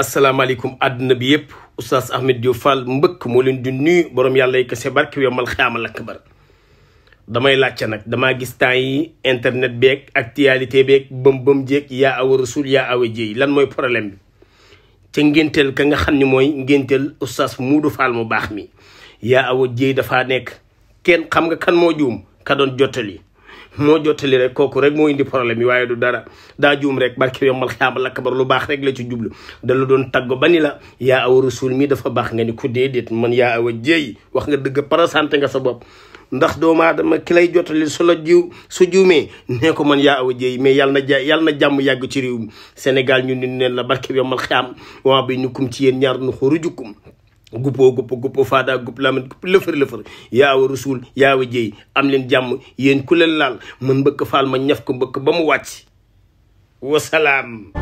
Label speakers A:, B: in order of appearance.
A: asalaamaaleykum àdduna bi yëpp oustaz Ahmed Diop Fall mbëkk moo leen di nuyu borom yàlla yi kese barke wi yomal xiyaamal akbar damay laajte nag damaa gis temps yi internet beeg actualité beeg bëm bëm jéeg yaa awa rasul yaa awa jéey lan mooy problème bi ca ngénteel ka nga xam ni mooy ngénteel oustaz Modou Fall mu baax mi yaa awa jéey dafa nekk kenn xam nga kan moo juum ka doon yi moo jottali rek kooku rek moo indi problème yi waaye du dara daa juum rek barke yombal xiyaamal akbar lu baax rek la ci jublu da la doon tàggo ba la yaa awa rasul mi dafa baax nga ni ku déedéet man yaa awa jéey wax nga dëgg parasanté nga sa bopp ndax doomu aadama ki lay jottali su la jiw su juumee nee ko man yaa awa jéey mais yàlla na ja yàlla na jàmm yàgg ci réew Sénégal ñun ni neen la barke yombal xiyaam waa bi ñu kum ci yéen ñaar nu xurujukum guppoo gupp gupp faada gupp lamat gupp lëfër lëfër yaawa rusul yaawa jéy am leen jàmm yéen ku leen laal man mbëkk faal ma ñaf ko mbëkk ba mu wàcc wasalaam